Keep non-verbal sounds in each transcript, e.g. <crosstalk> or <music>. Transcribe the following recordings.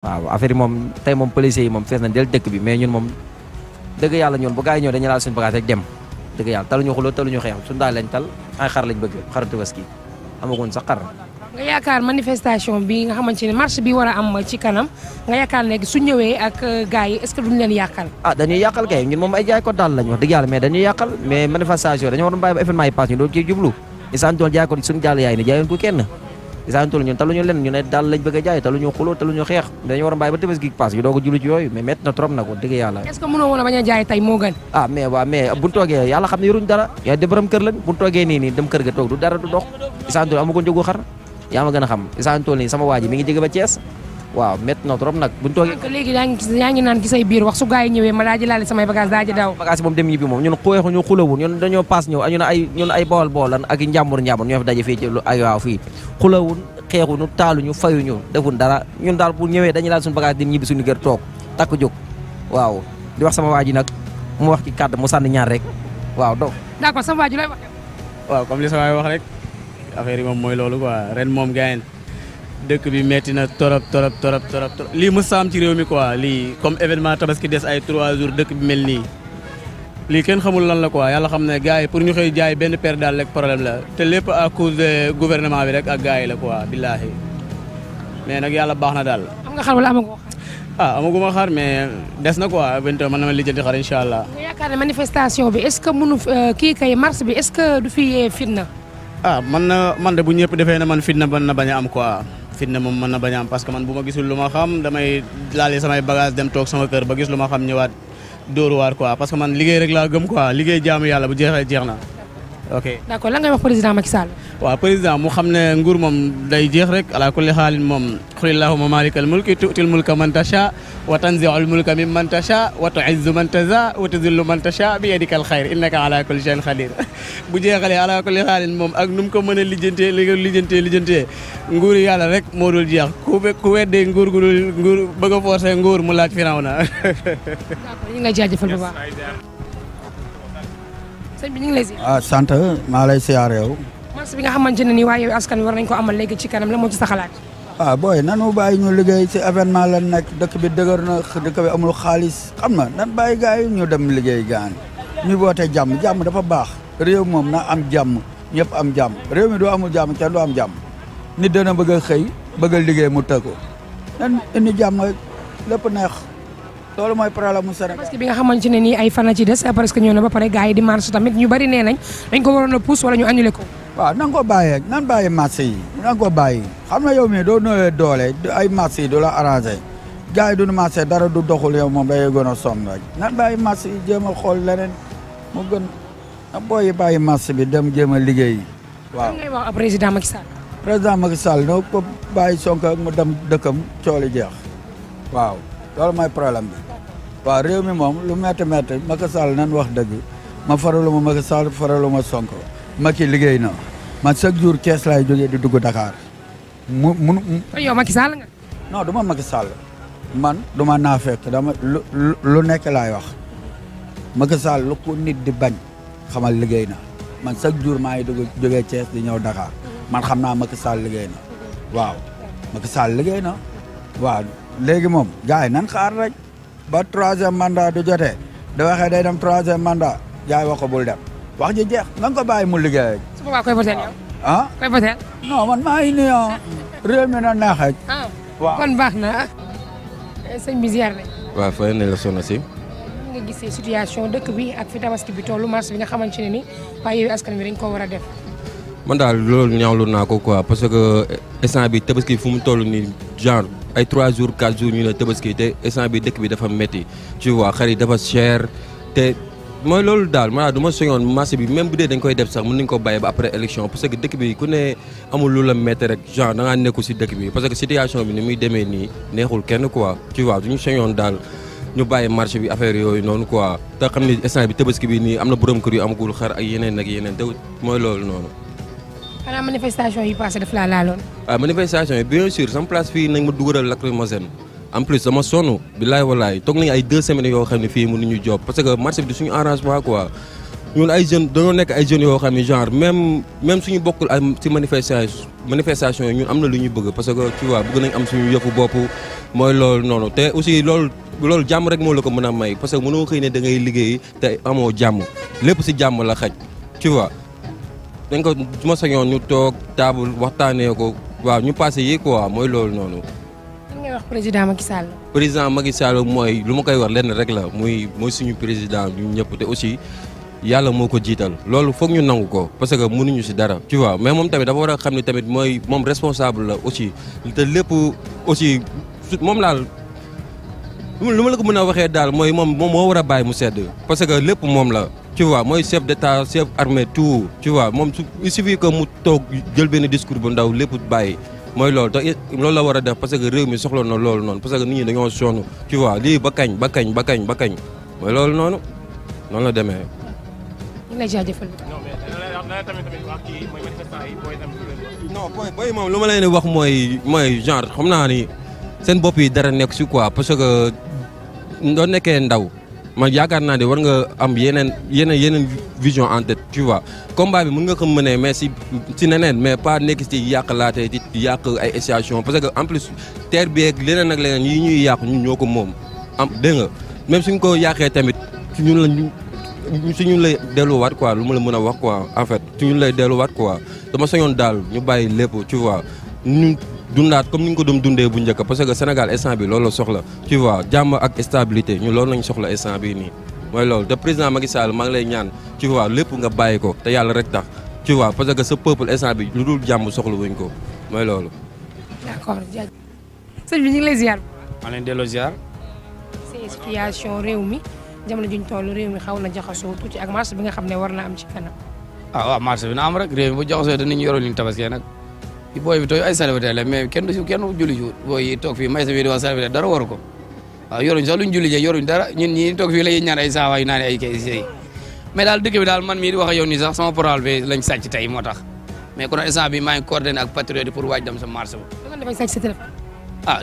waaw affaire moom tey moom policiers moom fees nañ del dëkk bi mais ñun moom dëgg yàlla ñun bu gars yi ñëw dañu laal suñu bagage tal ay xar bëgg xaru tabaski amagoon sax nga yaakaar manifestation bi nga xamante ne marche bi war a am ci kanam nga yaakaar léegi su ñëwee ak euh, gars yi est-ce ah dañuy yàqal kay ñun moom ay ko daal lañ wax dëgg yàlla mais dañuy yàqal mais manifestation dañu waroon bàyyi ba événement yi pass ñu doon ci isaan doon jaay ko suñu jàll yaay isaan tol ñun taluñu len ñu ne daal lañ bëgg a jaay taluñu xuloo taluñu xeex dañu war a bàyyi ba tëbës gi paas yu doog a julli ci yooyu mais métti na trop nag dëgg yàlla est-ce que mënoo woon a bañ a jaay tey moo gën ah mais waaw mais buñ toogee yàlla xam ne yoruñ dara yaa de borom kër lañ buñ toogee nii nii dem kër ga toog du dara du dox isaan tol amagoon jógu xar yaa ma gën a xam isaan tol nii sama waa ji mi ngi jege ba Thiès waaw métti na trop nag buñ toogee léegi yaa ngi yaa ngi naan ci say biir wax su gars yi ñëwee ma daa ji laale samay bagage daa ji daw bagage moom dem ñibbi moom ñun xooxu ñu xulawun ñun dañoo paas ñëw ñu ñun ay bawal bawalan ak njàmbur njàmbur ñoo fi daje fii ci ay waaw fii xulawun xeexuñu taaluñu fayuñu defun dara ñun daal bu ñëwee dañu laal suñu bagage dem ñibbi suñu kër toog takk jóg waaw di wax sama waa ji nag mu wax ci kàddu mu sànni ñaar rek waaw donc d'accord sama waa ji lay wax waaw comme li sama wax rek affaire moom mooy loolu quoi ren moom gayen dëkk bi metti na torop torop torop torop lii ma am ci réew mi quoi lii comme événement tabaski des ay trois jours dëkk bi mel nii lii kenn xamul lan la quoi yàlla xam ne gars yi pour ñu xëy jaay benn paire daal rek problème la te lépp à cause de gouvernement bi rek ak gars yi la quoi billaahi mais nag yàlla baax na daal. am nga xar wala amagoo xar. ah amaguma mais des na quoi vingt heures mën na ma lijjanti xar incha allah. nga yaakaar ne manifestation bi est-ce que munu euh, kii kay marche bi est-ce que du fi fitna. ah man na man de bu ñëpp defee na man fitna ban na bañ a am quoi. fitna moom mën na bañ am parce que man bu ma gisul lu ma xam damay laale samay bagage dem toog sama kër ba gis lu ma xam ñëwaat dóoruwaat quoi parce man liggéey rek laa gëm quoi liggéey jaamu yàlla bu jeexee jeex na ok d' accord lan ngay wax président Macky Sall. waaw président mu xam ne nguur moom day jeex rek ala kulli xaalin moom xulillahuma malikal mulki tu'til mulka man tasha wa tanzi'ul mulka mimman tasha wa tu'izzu man tasha wa tuzillu man tasha bi yadikal xayr innaka ala kulli shay'in qadir bu jeexalee ala kulli xaalin moom ak nu mu ko mën a lijjantee lijjantee lijjantee nguur yàlla rek moo dul jeex ku ku weddee nguur gu dul nguur bëgg a forcer nguur mu laaj firaw na. <laughs> d' accord ñu ngi lay jaajëfal bu baax. sëñ bi ah, sant maa lay ziar yow. marche bi nga xamante ne nii waaye yow askan war nañ ko amal léegi ci kanam la moo ci sa xalaat. ah booy nanu bàyyi ñu liggéey si événement la nekk dëkk bi dëgër na dëkk bi amul xaalis xam na nan bàyyi gars yi ñu dem liggéey gaan ñu woote jàmm jàmm dafa baax réew moom na am jàmm ñëpp am jàmm réew mi du amul jàmm kenn du am jàmm ni dana bëgg a xëy bëgg a liggéey mu tëkku nan indi jàmm lépp neex. loolu mooy problème mu Sénégal bi nga xamante ne nii ay fan la ci des parce que ñëw na ba pare gars yi di marche tamit ñu bari nee nañ dañ ko waroon a pousse wala ñu annulé ko. waaw nan ko bàyyi rek nan bàyyi marché yi nan bàyyi xam na yow mii doo noolee doole ay marché yi du la arrangé gars du duñu marché dara du doxul yow moom day gën a sonn rek nan bàyyi marché yi jéem a xool leneen mu gën na booy bàyyi marché bi dem jéem a liggéey. waaw lan ngay wax président ma Sall. président Macky Sall noo ko bàyyi Sonko ak dem dëkkam cooli jeex waaw. loolu mooy problème bi waaw réew mi moom lu métti métti Macky Sall nan wax dëgg ma faralu ma Macky Sall faralu ma Sonko Macky liggéey na man chaque jour kees lay jógee di dugg dakaar mu mu. yow Macky Sall nga. non du ma Macky man du ma naa fekk dama lu lu nekk laay wax Macky Sall lu ko nit di bañ xamal liggéey na man chaque jour maa ngi dugg jógee Thiès di ñëw Dakar man xam naa Macky Sall liggéey na waaw Macky liggéey na. waaw léegi moom gars yi nan xaar rek ba troisième mandat du jotee da day dem troisième mandat gars yi bul dem wax ji jeex nan ko bàyyi mu liggéey rek. su boobaa koy voté ah? ah. Ah. mi na neex rek. waaw kon baax na sëñ bi la soxna si. nga gisee situation dëkk bi ak fi tabaski bi tollu marché bi nga xamante ne ni waa Yewwi Askan Wi dañ koo war a def. daal loolu ñaawlu naa ko quoi parce que eh, instant bi tabaski fu mu toll ni genre. ay trois jours 4 jours ñu ne tabaski te instant bi dëkk bi dafa metti tu vois xar yi dafa cher te mooy loolu daal maanaam du ma soñoon marché bi même bu dee dañ koy def sax mën nañu ko bàyyi ba après élection parce que dëkk bi ku ne amul lu la metti rek genre da ngaa nekku si dëkk bi parce que situation bi ni muy demee nii neexul kenn quoi tu vois duñu soñoon daal ñu bàyyi marché bi affaire yooyu noonu quoi te xam ni instant bi tabaski bi nii am na borom kër yu amagul xar ak yeneen ak yeneen te mooy loolu noonu xanaa manifestation yi passé daf laa laaloon. waaw ah, manifestation yi bien sûr sama place fii nañ ma dugalal lacrymogène ay deux yoo xam ne fii mënuñu job parce que marché bi du suñu arrangement quoi ñun ay nekk ay jeunes yoo xam ne genre même même suñu bokkul ay ci yi ñun am na lu ñu bëgg parce que tu vois bëgg nañ am suñu yëfu bopp mooy loolu noonu te aussi lool loolu jàmm rek moo la ko mën a may parce que mënoo xëy ne da ngay liggéey te amoo jàmm lépp si jàmm la xaj tu vois. dañ ko su ma sañoon ñu toog taabul waxtaanee ko waaw ñu passé yi quoi mooy loolu noonu. lan ngay wax président Macky Sall. président Macky Sall mooy lu ma koy wax lenn rek la muy mooy suñu président ñun ñëpp te aussi yàlla moo ko jiital loolu foog ñu nangu ko parce que mënuñu ci dara. tu waa mais moom tamit dafa war a xam ne tamit mooy moom responsable la aussi te lépp aussi moom laal. lu ma la ko mën a waxee daal mooy moom moom moo war a bàyyi mu sedd parce que lépp moom la tu vois mooy chef d'état chef armée tout tu vois moom su il suffit que mu toog jël benn discours bu ndaw lépp bàyyi mooy loolu te loolu la war a def parce que réew mi soxla na loolu noonu parce que nit ñi dañoo sonn tu vois lii ba kañ ba kañ ba kañ ba kañ mooy loolu noonu noonu la demee. ñu ngi lay jaajëfal. non booy booy moom lu ma leen di wax mooy mooy genre xam naa ni seen bopp yi dara nekk si quoi parce que doo nekkee ndaw. man yaakaar naa ne war nga am yeneen yeneen yeneen vision en tête tu vois combat bi mën nga ko mënee mais si si neneen mais pas nekk si yàq laate di yàq ay association parce que en plus terre bi ak leneen ak leneen yi ñuy yàq ñun ñoo ko moom am dégg nga même suñ ko yàqee tamit si ñun la ñu si ñun lay delluwaat quoi lu ma la mën a wax quoi en fait si ñu lay delluwaat quoi dama sañoon daal ñu bàyyi lépp tu dundaat comme ni ñu ko doon dundee bu njëkk parce que Sénégal instant bi loolu la soxla tu vois jàmm ak stabilité ñu loolu lañ soxla instant bi nii mooy loolu te président Macky Sall maa ngi lay ñaan tu lépp nga bàyyi ko te yàlla rek tax tu vois parce que sa peuple instant bi lu dul jàmm soxla wuñ ko mooy loolu. d'accord jaajëf sëñ bi ñu ngi lay ziar. maa réew mi jamono juñ toll réew mi xaw na jaxasoo tuuti ak marché bi nga xam ne war na am ci kanam. ah waaw marché bi na am rek réew mi bu jaxasoo te nit nag. booy bi tooy ay célibataire la mais kenn du booy yi fii may sa fii di wax dara waru ko waaw yoruñ sax luñ julli jee yoruñ fii lay ñaan ay saawaay naan ay kay daal man mii di wax ak yow nii sax sama portable moo tax maa ngi coordonné ak patriote ah,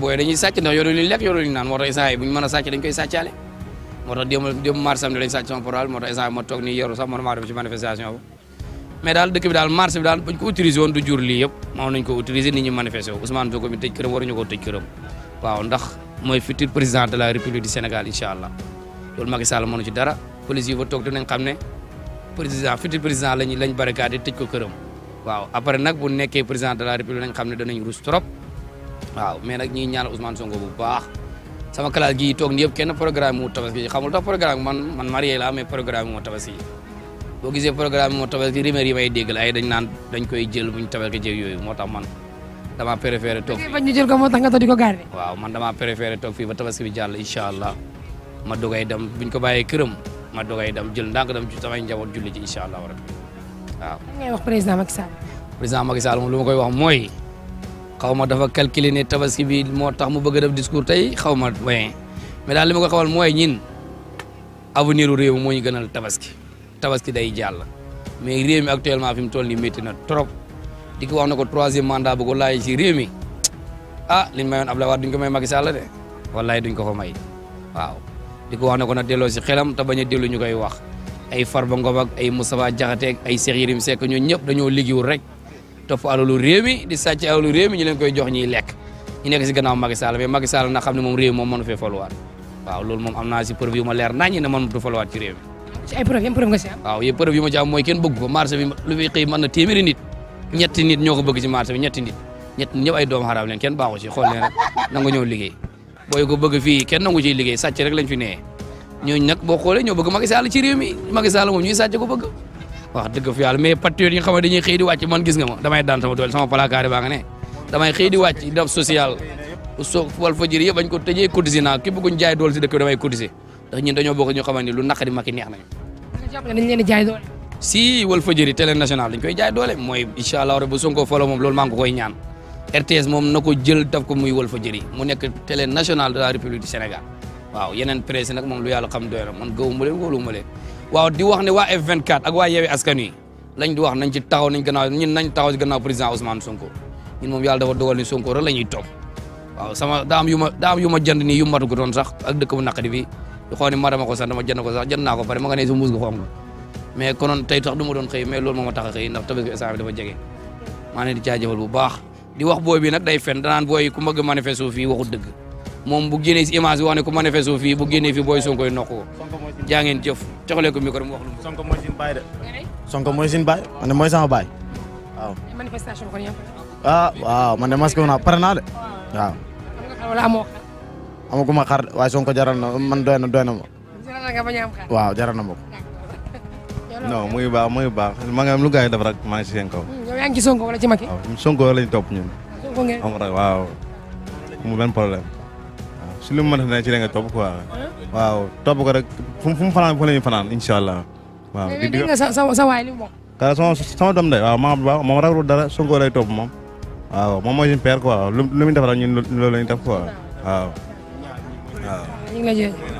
booy dañuy sàcc ndax yoru luñu lekk yoru luñu naan moo tax instant yi bu ñu mën a sàcc dañ koy sàccaale moo tax démb démb marché mais daal dëkk bi daal marché bi daal bañ ko utiliser woon tëj këram waaw ndax mooy futur président de la république du Sénégal incha allah loolu Macky Sall dara police yi ba toog dinañ xam ne président futur président lañ lañ barricadé tëj ko këram waaw après nag bu nekkee président de la république nañ xam ne danañ rus trop waaw mais nag ñuy ñaanal Ousmane Sonko bu baax sama classe gii toog ni yëpp kenn programme mu tabaski xamul tax programme man boo gisee programme moo tabaski rumeur yi may déggal ay dañ naan dañ koy jël buñ tabaski jël yooyu moo tax man dama préféré toog fii ñu jël ko moo tax nga di ko garder waaw man damaa préféré toog fii ba tabaski bi jàll incha allah ma dogay dem buñ ko bàyyee këram ma dogay dam jël ndànk dem ci samay njaboot julli ci incha allah rabbi waaw. président Macky Sall. président Macky Sall moom lu koy wax mooy xaw ma dafa calculer ne tabaski bi moo tax mu bëgg a def discours tey xaw ma mais daal li ma ko xamal mooy ñin avenir u réew moo ñu gënal tabaski. tabaski day jàll mais réew mi actuellement fi mu toll nii métti na trop di ko wax na ko troisième mandat bu ko laajee ci réew mi ah liñ mayoon Abdoulaye Wade duñ ko may Macky Sall de wallaay duñ ko fa may waaw di ko wax na ko na delloo si xelam te bañ a dellu ñu koy wax ay Farba Ngom ak ay Moustapha Diakhaté ak ay Cheikh Yérim ñoo ñëpp dañoo liggéeyul rek topp alalu réew di sàcc alalu réew ñu leen koy jox ñuy ñu nekk si gannaaw Macky Sall mais na xam ne moom réew moom ci ay preuve yan preuve nga si am. waaw yëpp preuve yu ma ci am kenn bëgg ko marché bi lu fi xëy mën na téeméeri nit ñetti nit ñoo ko bëgg ci marché bi ñetti nit ñetti ñëpp ay doomu xaraam leen kenn baaxu ci xool leen rek nangu ñëw liggéey booy ko bëgg fii kenn nangu ciy liggéey sacc rek lañ fi nee ñooñu nag boo xoolee ñoo bëgg Macky Sall ci réew mi Macky Sall moom ñuy sàcc ko bëgg wax dëgg fi yàlla mais patriote yi nga xam ne dañuy di wàcc man gis nga ma damay daan sama doole sama placard baa nga ne damay jaay dool si dëkk ndax ñun dañoo bokk ñoo xamante ni lu naqari Macky neex nañu. jàpp nga dañ télé national dañ koy jaay doole mooy incha allah rabi Sonko folo moom loolu maa ngi koy ñaan RTS moom na jël daf ko muy Walfadjri mu nekk télé national de la République du Sénégal waaw yeneen presse moom lu yàlla xam doy na man gëwuma leen waaw di wax ne waa F24 ak waa Yewwi Askan Wi lañ di wax nañ taxaw nañ gannaaw taxaw ci gannaaw président Ousmane Sonko ñun moom yàlla dafa dogal ni Sonko rek la xoo ni marama ko sax dama jënd ko sax jënd naa ko pare ma nga ne su mbuus nga xonk mais konoon tey ma doon xëy mais loolu moo ma tax a xëy ndax tabaski instant bi dafa jege maa ne di jaajëfal bu baax di wax booy bi nag day fen danaan booy ku bëgg manifesto fii waxu dëgg moom bu génnee si image wax ne ku manifesto fii bu génnee fii booy Sonko yi nokk ko jaa ngeen jëf ko micro mu wax lu mu Sonko mooy Sonko mooy baay man de mooy baay waaw manifestation kon yow ah, pare naa de waaw amaguma xar waaye Sonko man doy na doy na a am xar. waaw jaral na ma muy baax muy baax maa ngi am lu gars yi def rek maa ngi si seen kaw. Hmm, Sonko wala ci Macky. Sonko lañ topp ñun. Sonko waaw. amul benn problème waaw si li mu mënti ne ci la nga topp quoi. waaw topp ko rek fu mu fanaan fu la ñuy fanaan incha allah. waaw di dégg nga sa dara Sonko lay topp moom. waaw moom mooy suñu père quoi lu lu muy def rek ñun loolu la ñuy def quoi waaw. waaw ñu ngi la jël